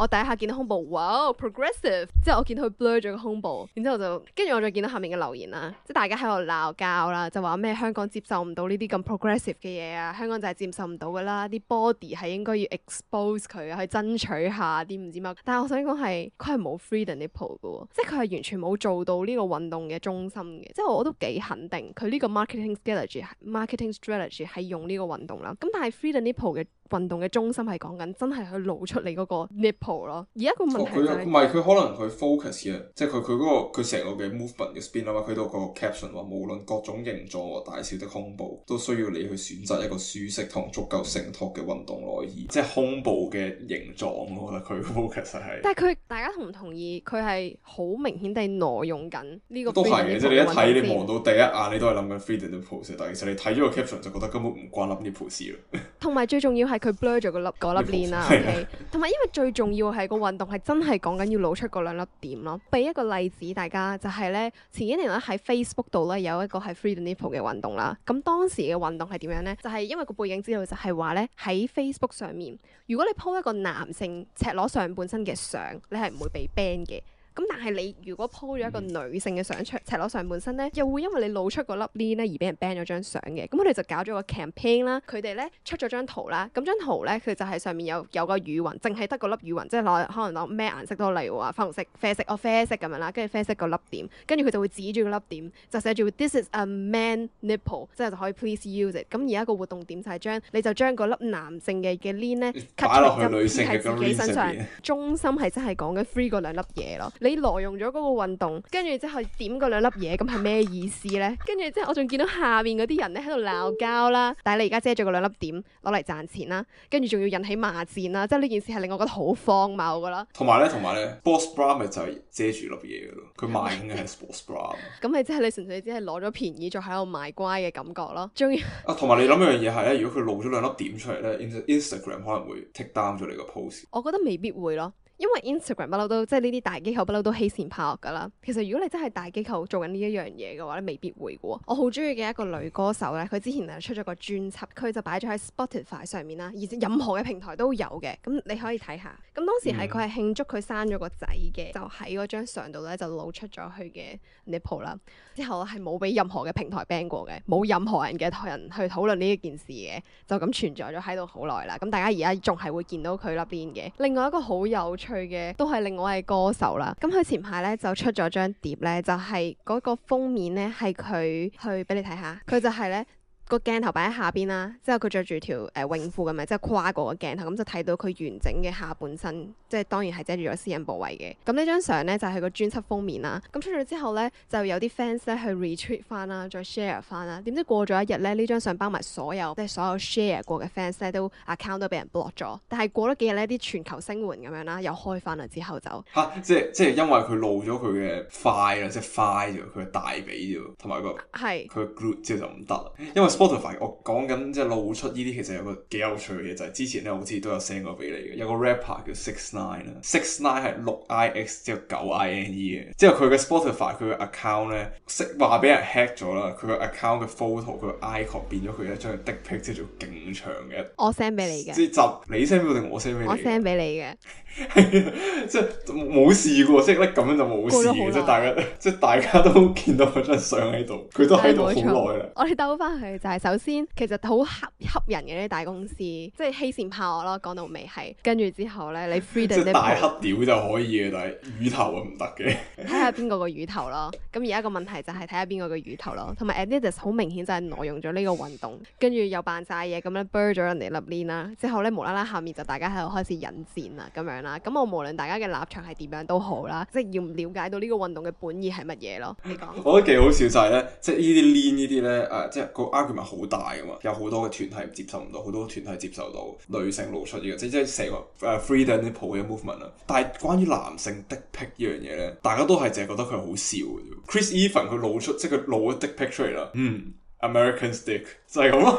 我第一下見到胸部，哇！progressive，之後我見到佢 blur 咗個胸部，然之後就跟住我再見到下面嘅留言啦，即係大家喺度鬧交啦，就話咩香港接受唔到呢啲咁 progressive 嘅嘢啊，香港就係接受唔到噶啦，啲 body 係應該要 expose 佢去爭取下啲唔知乜，但係我想講係佢係冇 freedom nipple 嘅喎，即係佢係完全冇做到呢個運動嘅中心嘅，即係我都幾肯定佢呢個 marketing strategy，marketing strategy 係用呢個運動啦，咁但係 freedom nipple 嘅。運動嘅中心係講緊真係去露出你嗰個 nipple 咯。而一個問題係佢唔係佢可能佢 focus 嘅，即係佢佢嗰個佢成個嘅 movement 嘅 spin 啊嘛。佢到個 caption 話，無論各種形狀和大小的胸部，都需要你去選擇一個舒適同足夠承托嘅運動內衣，即係胸部嘅形狀。我覺得佢 focus 係，但係佢大家同唔同意？佢係好明顯地挪用緊呢個都係嘅。即係你一睇先你望到第一眼，你都係諗緊 freeing the nipple，但係其實你睇咗個 caption 就覺得根本唔關 freeing the nipple 事啦。 同埋最重要係佢 blur 咗個粒粒鏈啦，OK。同埋因為最重要係個運動係真係講緊要露出嗰兩粒點咯。俾一個例子大家就係咧，前幾年咧喺 Facebook 度咧有一個係 free the nipple 嘅運動啦。咁當時嘅運動係點樣咧？就係、是、因為個背景資料就係話咧喺 Facebook 上面，如果你 po 一個男性赤裸上半身嘅相，你係唔會被 ban 嘅。咁但係你如果鋪咗一個女性嘅相出赤裸上半身咧，又會因為你露出個粒簾咧而俾人 ban 咗張相嘅。咁我哋就搞咗個 campaign 啦，佢哋咧出咗張圖啦。咁張圖咧佢就係上面有有個乳暈，淨係得個粒乳暈，即係攞可能攞咩顏色都嚟話粉紅色、啡色、哦啡色咁樣啦，跟住啡色個粒點，跟住佢就會指住個粒點，就寫住 This is a man nipple，即係就可以 please use it。咁而家個活動點就係將你就將個粒男性嘅嘅簾咧 cut 落去女性喺自己身上 中心係真係講緊 free 嗰兩粒嘢咯。那個 你挪用咗嗰個運動，跟住之後點嗰兩粒嘢，咁係咩意思咧？跟住之後我仲見到下面嗰啲人咧喺度鬧交啦， 但係你而家遮住個兩粒點攞嚟賺錢啦，跟住仲要引起罵戰啦，即係呢件事係令我覺得好荒謬噶啦。同埋咧，同埋咧 sports bra 咪就係遮住粒嘢咯，佢賣嘅係 sports bra。咁係即係你純粹只係攞咗便宜，再喺度賣乖嘅感覺咯。中意啊，同埋你諗一樣嘢係咧，如果佢露咗兩粒點出嚟咧，Instagram 可能會 take down 咗你個 post。我覺得未必會咯。因為 Instagram 不嬲，都即係呢啲大機構，不嬲都欺善怕惡㗎啦。其實如果你真係大機構做緊呢一樣嘢嘅話咧，未必會喎。我好中意嘅一個女歌手咧，佢之前啊出咗個專輯，佢就擺咗喺 Spotify 上面啦，而且任何嘅平台都有嘅。咁你可以睇下。咁、嗯、當時係佢係慶祝佢生咗個仔嘅，就喺嗰張相度咧就露出咗佢嘅 nipple 啦。之後係冇俾任何嘅平台 ban 過嘅，冇任何人嘅人去討論呢一件事嘅，就咁存在咗喺度好耐啦。咁大家而家仲係會見到佢粒邊嘅。另外一個好有趣嘅都係另外一個歌手啦。咁佢前排咧就出咗張碟咧，就係、是、嗰個封面咧係佢去俾你睇下，佢就係咧。個鏡頭擺喺下邊啦，之後佢着住條誒泳褲咁樣，即係跨過個鏡頭咁就睇到佢完整嘅下半身，即係當然係遮住咗私隱部位嘅。咁呢張相咧就係個專輯封面啦。咁出咗之後咧，就有啲 fans 咧去 retreat 翻啦，再 share 翻啦。點知過咗一日咧，呢張相包埋所有即係所有 share 過嘅 fans 咧都 account 都俾人 block 咗。但係過咗幾日咧，啲全球聲援咁樣啦，又開翻啦，之後就吓、啊，即係即係因為佢露咗佢嘅 fire 即係 fire 啫，佢大髀啫，同埋、個係佢 glute 之後就唔得，因為。Spotify，我講緊即係露出呢啲，其實有個幾有趣嘅嘢，就係、是、之前咧，好似都有 send 過俾你嘅，有個 rapper 叫 Six Nine Six Nine 係六 IX 之後九 INE 嘅，之後佢嘅 Spotify 佢個 account 咧識話俾人 hack 咗啦，佢個 account 嘅 photo 佢個 icon 變咗，佢一將 the pic 即係做勁長嘅。我 send 俾你嘅。即係你 send 俾我定我 send 俾你？我 send 俾你嘅。係啊， 即係冇事嘅喎，即係咧咁樣就冇事嘅，即係大家即係大家都見到嗰張相喺度，佢都喺度好耐啦。了我哋兜翻佢首先，其實好恰恰人嘅呢啲大公司，即係欺善怕惡咯。講到尾係，跟住之後咧，你 freedom 啲大黑屌就可以嘅，但係乳頭啊唔得嘅。睇下邊個個乳頭咯。咁而家個問題就係睇下邊個個乳頭咯。同埋 Adidas 好明顯就係挪用咗呢個運動，跟住又扮晒嘢，咁樣 bur 咗人哋粒 lien 啦。之後咧無啦啦，下面就大家喺度開始引戰啦，咁樣啦。咁我無論大家嘅立場係點樣都好啦，即係要唔了解到呢個運動嘅本意係乜嘢咯。你講。我覺得幾好笑晒係咧，即係呢啲 lien 呢啲咧，誒、啊，即係、那個好大㗎嘛，有好多嘅團體接受唔到，好多團體接受到女性露出呢、這、嘅、個，即即成個 free the nipple 嘅 movement 啦。啊、 但係關於男性的皮呢樣嘢咧，大家都係淨係覺得佢好笑。Chris Even 佢露出，即佢露咗的皮出嚟啦。 嗯，American Stick。就係咁咯，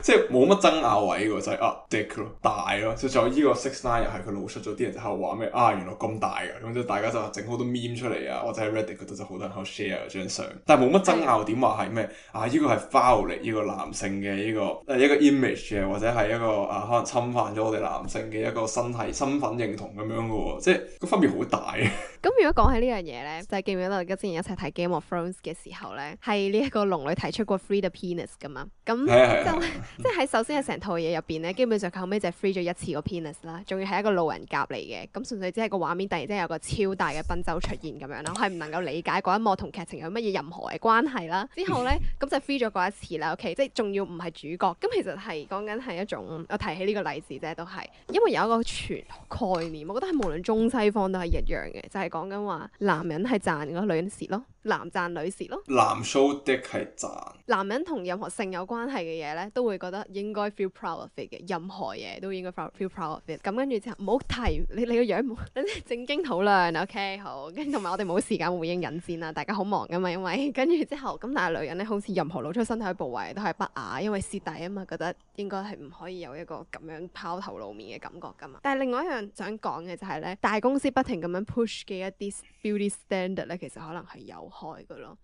即係冇乜爭拗位嘅，就係啊 Dick 咯，大咯。就仲有呢個 six nine 又係佢露出咗，啲人就喺度話咩啊原來咁大嘅，咁就大家就整好多 meme 出嚟啊。或者 Reddit 嗰度就好多人喺 share 張相，但係冇乜爭拗點話係咩啊？呢個係 power 嚟，呢個男性嘅呢個呃、一個 image 嘅，或者係一個啊可能侵犯咗我哋男性嘅一個身體身份認同咁樣嘅喎，即係個分別好大嘅。咁如果講起呢樣嘢咧，就係記唔記得我哋之前一齊睇 Game of Thrones 嘅時候咧，係呢一個龍女提出過 free the penis 嘅嘛？咁就即係喺首先係成套嘢入邊咧，基本上佢後屘就 free 咗一次個 penis 啦，仲要係一個路人甲嚟嘅，咁純粹只係個畫面突然之間有個超大嘅奔走出現，咁樣啦，我係唔能夠理解嗰一幕同劇情有乜嘢任何嘅關係啦。之後咧，咁 就 free 咗嗰一次啦，OK，即係仲要唔係主角。咁其實係講緊係一種我提起呢個例子啫，都係因為有一個全概念，我覺得係無論中西方都係一樣嘅，就係講緊話男人係賺個女人蝕咯，男賺女蝕咯，男 show dick 係賺，男人同任何性有關，關係嘅嘢咧，都會覺得應該 feel proud of it 嘅，任何嘢都應該 feel proud of it。咁跟住之後，唔好提你你個樣，你，你樣 正經討論，OK 好。跟住同埋我哋冇時間回 應引薦啦，大家好忙噶嘛，因為跟住之後，咁但係女人咧，好似任何露出身體嘅部位都係不雅，因為蝕底啊嘛，覺得應該係唔可以有一個咁樣拋頭露面嘅感覺噶嘛。但係另外一樣想講嘅就係咧，大公司不停咁樣 push 嘅一啲 beauty standard 咧，其實可能係有害噶咯。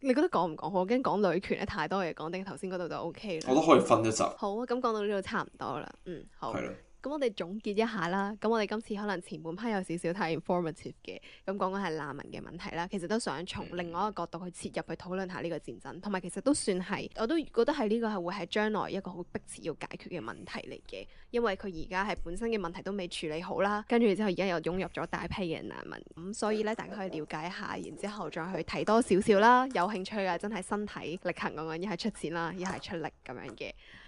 你覺得講唔講好？我驚講女權咧太多嘢講，定頭先嗰度就 OK 啦。我都可以分一集。好啊，咁講到呢度差唔多啦。嗯，好。咁我哋總結一下啦，咁我哋今次可能前半批有少少太 informative 嘅，咁講講係難民嘅問題啦，其實都想從另外一個角度去切入去討論下呢個戰爭，同埋其實都算係，我都覺得係呢個係會係將來一個好迫切要解決嘅問題嚟嘅，因為佢而家係本身嘅問題都未處理好啦，跟住之後而家又湧入咗大批嘅難民，咁所以咧大家可以了解一下，然之後再去睇多少少啦，有興趣嘅真係身體力行，咁樣一係出錢啦，一係出力咁樣嘅。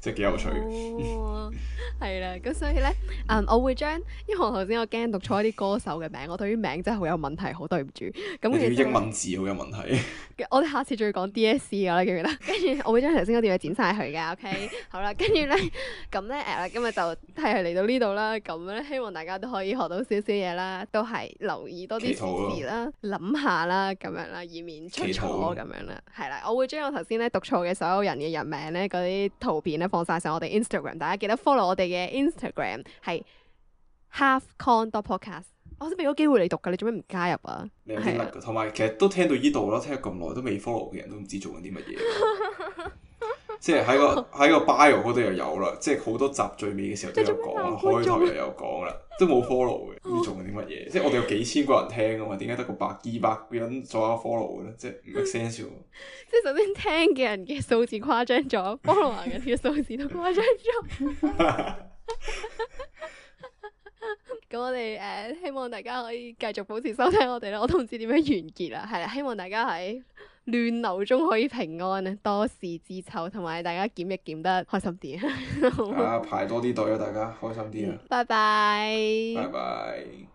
即係幾有趣、哦，係啦，咁所以咧，嗯，我會將因為我頭先我驚讀錯一啲歌手嘅名，我對於名真係好有問題，好對唔住。其實就是、你要英文字好有問題。我哋下次仲要講 DSC 啦，記唔記得？跟住 我會將頭先嗰段嘢剪晒佢㗎，OK？ 好啦，跟住咧，咁咧誒，今日就係嚟到呢度啦。咁咧，希望大家都可以學到少少嘢啦，都係留意多啲時事啦，諗下啦，咁樣啦，以免出錯咁禱樣啦。係啦，我會將我頭先咧讀錯嘅所有人嘅人名咧嗰啲圖片咧。放晒上我哋 Instagram，大家記得 follow 我哋嘅 Instagram 係 halfkong.podcast。我先俾個機會你讀㗎，你做咩唔加入啊？你有啲乜㗎？同埋是、啊、其實都聽到依度啦，聽咗咁耐都未 follow 嘅人都唔知做緊啲乜嘢。 即係喺個喺、oh. 個 bio 嗰度又有啦，即係好多集最尾嘅時候都講啦，有開頭又有講啦，都冇 follow 嘅，要做啲乜嘢？Oh. 即係我哋有幾千個人聽啊嘛，點解得個百二百個人所有 follow 嘅咧？即係唔 make sense 即係首先聽嘅人嘅數字誇張咗 ，follow 人嘅數字都誇張咗。咁我哋誒、uh, 希望大家可以繼續保持收聽我哋啦，我都唔知點樣完結啦？係啦，希望大家喺。亂流中可以平安啊，多事之秋，同埋大家檢疫檢得開心啲啊！係啊，排多啲隊啊，大家開心啲啊！拜拜！拜拜！